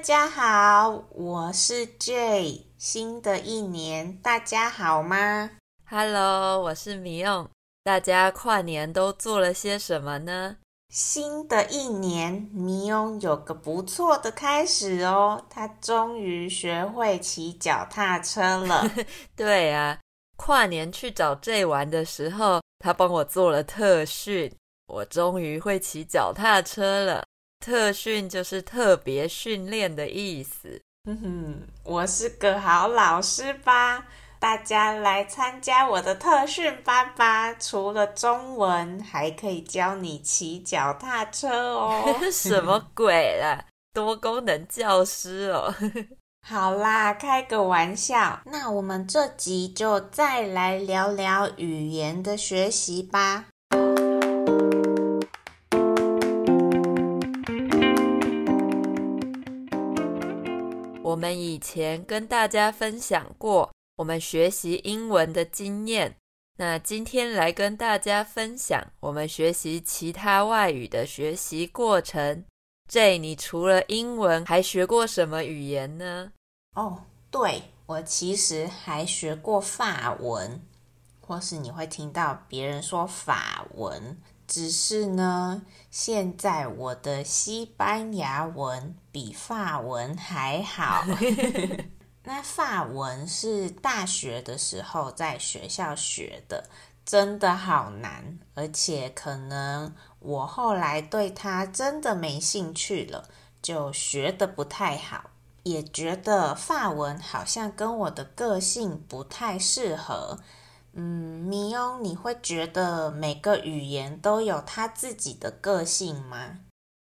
大家好，我是 Jay。新的一年，大家好嗎？Hello，我是 Mion。大家跨年都做了些什麼呢？新的一年，Mion 有個不錯的開始哦。他終於學會騎腳踏車了。 對啊，跨年去找 Jay 玩的時候，他幫我做了特訓，我終於會騎腳踏車了。特訓就是特別訓練的意思。哼哼，我是個好老師吧？大家來參加我的特訓班吧！除了中文，還可以教你騎腳踏車哦。 什麼鬼啦？ 多功能教師哦？ 好啦，開個玩笑。那我們這集就再來聊聊語言的學習吧。我們以前跟大家分享過我們學習英文的經驗，那今天來跟大家分享我們學習其他外語的學習過程。J，你除了英文還學過什麼語言呢？哦，oh，對，我其實還學過法文，或是你會聽到別人說法文。只是呢，現在我的西班牙文比法文還好。 那法文是大學的時候在學校學的，真的好難，而且可能我後來對它真的沒興趣了，就學得不太好，也覺得法文好像跟我的個性不太適合。嗯，米歐，你會覺得每個語言都有它自己的個性嗎？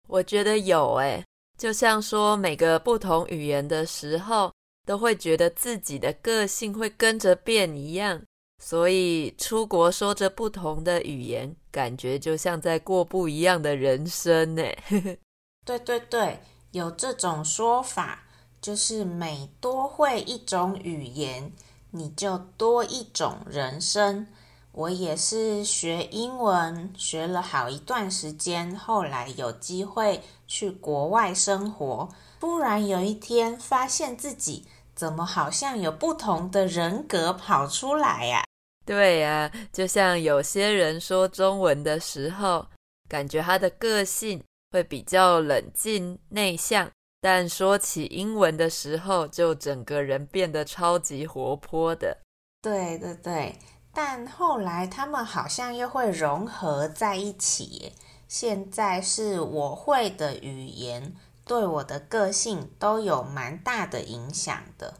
我覺得有誒、欸，就像說每個不同語言的時候，都會覺得自己的個性會跟着變一樣。所以出國說着不同的語言，感覺就像在過不一樣的人生呢、欸。 對對對，有這種說法，就是每多會一種語言。你就多一種人生。我也是學英文學了好一段時間，後來有機會去國外生活，突然有一天發現自己怎麼好像有不同的人格跑出來呀、啊？對呀、啊，就像有些人說中文的時候，感覺他的個性會比較冷靜內向。但說起英文的時候，就整個人變得超級活潑的。對對對，但後來他們好像又會融合在一起。現在是我會的語言，對我的個性都有蠻大的影響的。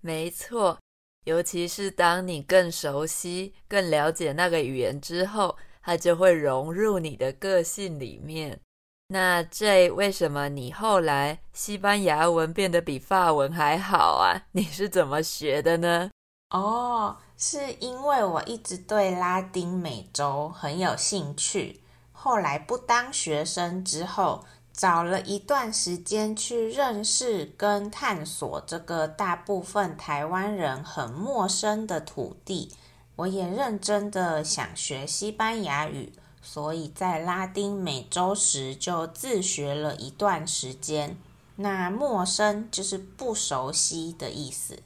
沒錯，尤其是當你更熟悉、更了解那個語言之後，它就會融入你的個性裡面。那這為什麼你後來西班牙文變得比法文還好啊？你是怎麼學的呢？哦、oh，是因為我一直對拉丁美洲很有興趣。後來不當學生之後，找了一段時間去認識跟探索這個大部分台灣人很陌生的土地。我也認真的想學西班牙語。所以在拉丁美洲時就自學了一段時間，那陌生就是不熟悉的意思。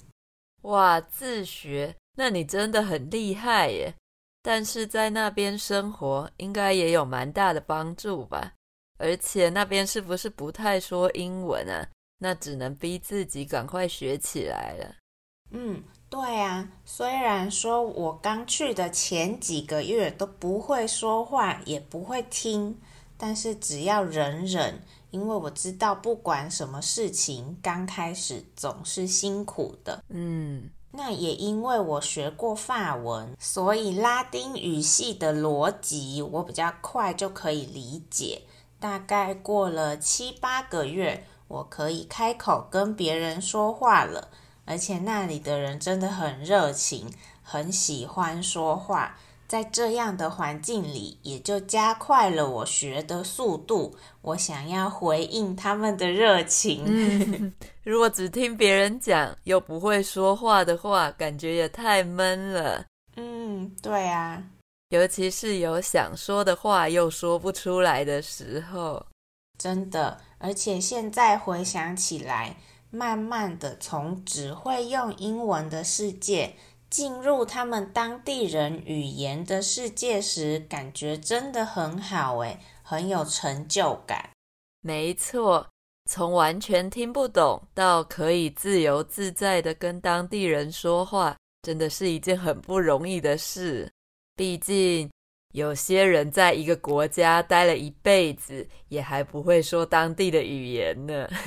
哇，自學，那你真的很厲害耶！但是在那邊生活應該也有蠻大的幫助吧？而且那邊是不是不太說英文啊？那只能逼自己趕快學起來了。嗯。對啊，雖然說我剛去的前幾個月都不會說話，也不會聽，但是只要忍忍，因為我知道不管什麼事情，剛開始總是辛苦的。嗯，那也因為我學過法文，所以拉丁語系的邏輯我比較快就可以理解。大概過了七八個月，我可以開口跟別人說話了。而且那裡的人真的很熱情，很喜歡說話，在這樣的環境裡，也就加快了我學的速度。我想要回應他們的熱情。嗯，如果只聽別人講，又不會說話的話，感覺也太悶了。嗯，對啊，尤其是有想說的話又說不出來的時候，真的。而且現在回想起來。慢慢的從只會用英文的世界進入他們當地人語言的世界時，感覺真的很好誒，很有成就感。沒錯，從完全聽不懂到可以自由自在的跟當地人說話，真的是一件很不容易的事。畢竟，有些人在一個國家待了一輩子，也還不會說當地的語言呢。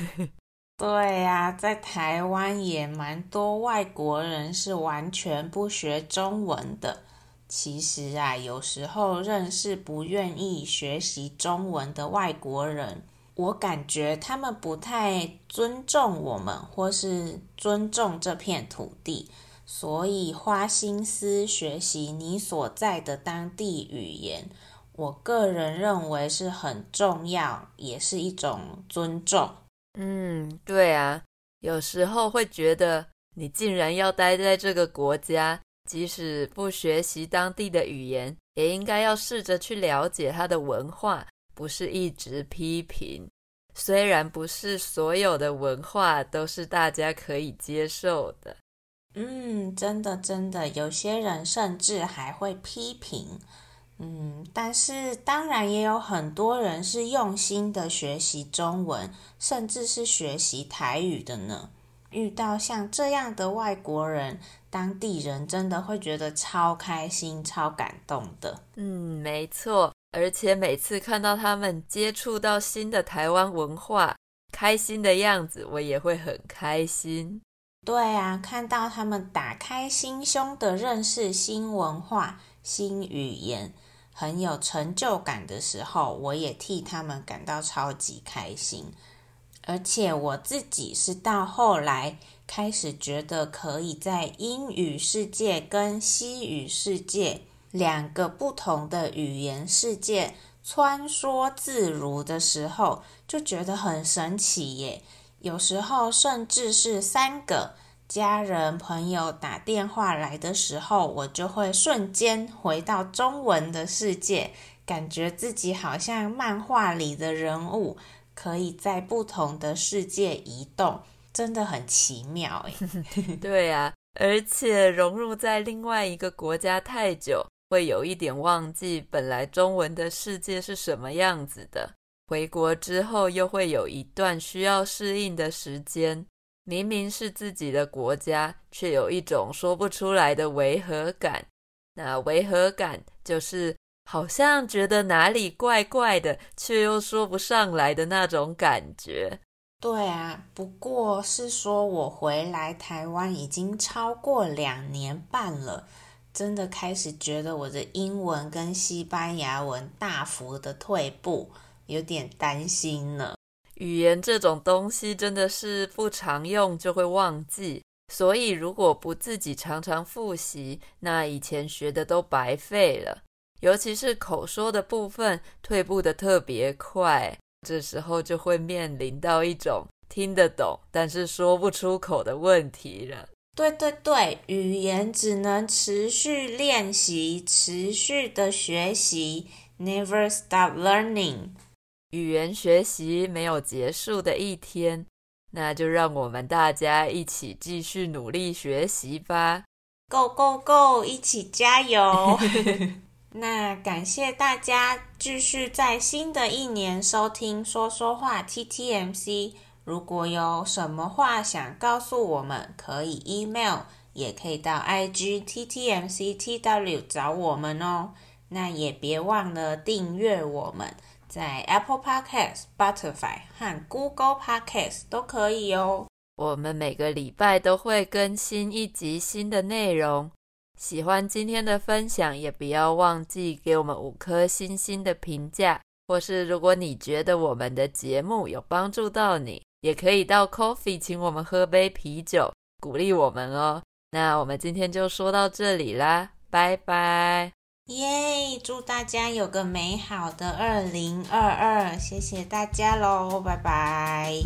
對呀、啊，在台灣也蠻多外國人是完全不學中文的。其實啊，有時候認識不願意學習中文的外國人，我感覺他們不太尊重我們，或是尊重這片土地。所以花心思學習你所在的當地語言，我個人認為是很重要，也是一種尊重。嗯，對啊，有時候會覺得你竟然要待在這個國家，即使不學習當地的語言，也應該要試着去了解它的文化，不是一直批評。雖然不是所有的文化都是大家可以接受的。嗯，真的真的，有些人甚至還會批評。嗯，但是當然也有很多人是用心的學習中文，甚至是學習台語的呢。遇到像這樣的外國人，當地人真的會覺得超開心、超感動的。嗯，沒錯。而且每次看到他們接觸到新的台灣文化，開心的樣子，我也會很開心。對啊，看到他們打開心胸的認識新文化、新語言，很有成就感的時候，我也替他們感到超級開心。而且我自己是到後來開始覺得，可以在英語世界跟西語世界兩個不同的語言世界穿梭自如的時候，就覺得很神奇耶。有時候，甚至是三個，家人朋友打電話來的時候，我就會瞬間回到中文的世界，感覺自己好像漫畫裡的人物，可以在不同的世界移動，真的很奇妙。 對呀、啊，而且融入在另外一個國家太久，會有一點忘記本來中文的世界是什麼樣子的。回國之後，又會有一段需要適應的時間。明明是自己的國家，卻有一種說不出來的違和感。那違和感就是好像覺得哪裡怪怪的，卻又說不上來的那種感覺。對啊，不過是說我回來台灣已經超過兩年半了，真的開始覺得我的英文跟西班牙文大幅的退步。有點擔心呢。語言這種東西真的是不常用，就會忘記，所以如果不自己常常複習，那以前學的都白費了。尤其是口說的部分，退步得特別快，這時候就會面臨到一種聽得懂，但是說不出口的問題了。對對對，語言只能持續練習，持續的學習，Never stop learning。語言學習沒有結束的一天，那就讓我們大家一起繼續努力學習吧！Go go go，一起加油！ 那感謝大家繼續在新的一年收聽說說話 TTMC。如果有什麼話想告訴我們，可以 email，也可以到 IG TTMC TW 找我們哦。那也別忘了訂閱我們。在 Apple Podcast、Spotify 和 Google Podcast 都可以哦。我們每個禮拜都會更新一集新的內容。喜歡今天的分享，也不要忘記給我們五顆星星的評價，或是如果你覺得我們的節目有幫助到你，也可以到 Ko-fi 請我們喝杯啤酒，鼓勵我們哦。那我們今天就說到這裡啦，拜拜。耶、yeah！祝大家有個美好的二零二二，謝謝大家嘍，拜拜。